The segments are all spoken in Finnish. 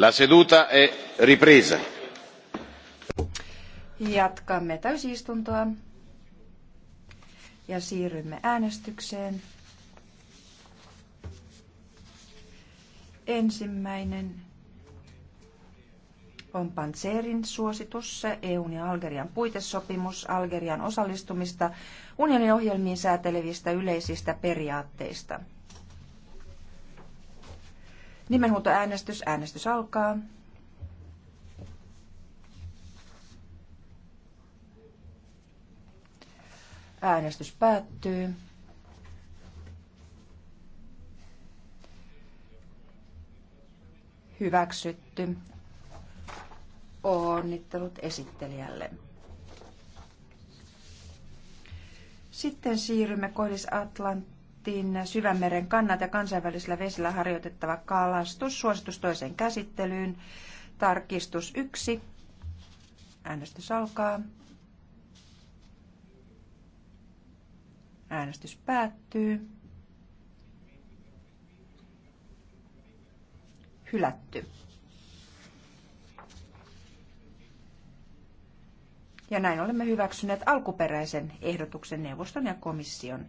La seduta è ripresa. Jatkamme täysistuntoa ja siirrymme äänestykseen. Ensimmäinen on Panzerin suositus, EUn ja Algerian puitesopimus Algerian osallistumista unionin ohjelmiin säätelevistä yleisistä periaatteista. Nimenhuutoäänestys. Äänestys alkaa. Äänestys päättyy. Hyväksytty. Onnittelut esittelijälle. Sitten siirrymme Koillis-Atlantin Atlantin syvämeren kannat ja kansainvälisillä vesillä harjoitettava kalastus. Suositus toiseen käsittelyyn. Tarkistus yksi. Äänestys alkaa. Äänestys päättyy. Hylätty. Ja näin olemme hyväksyneet alkuperäisen ehdotuksen neuvoston ja komission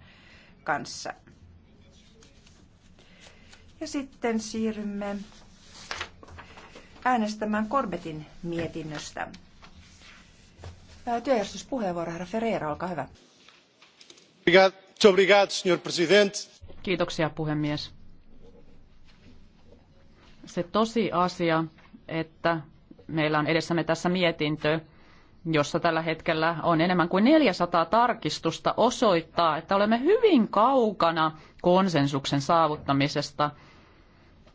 kanssa. Ja sitten siirrymme äänestämään Korbetin mietinnöstä. Työjärjestyspuheenvuoro, herra Ferreira, olkaa hyvä. Kiitoksia, puhemies. Se tosi asia, että meillä on edessämme tässä mietintö, jossa tällä hetkellä on enemmän kuin 400 tarkistusta, osoittaa, että olemme hyvin kaukana konsensuksen saavuttamisesta.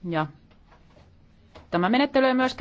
Ja tämä menettely ei myöskään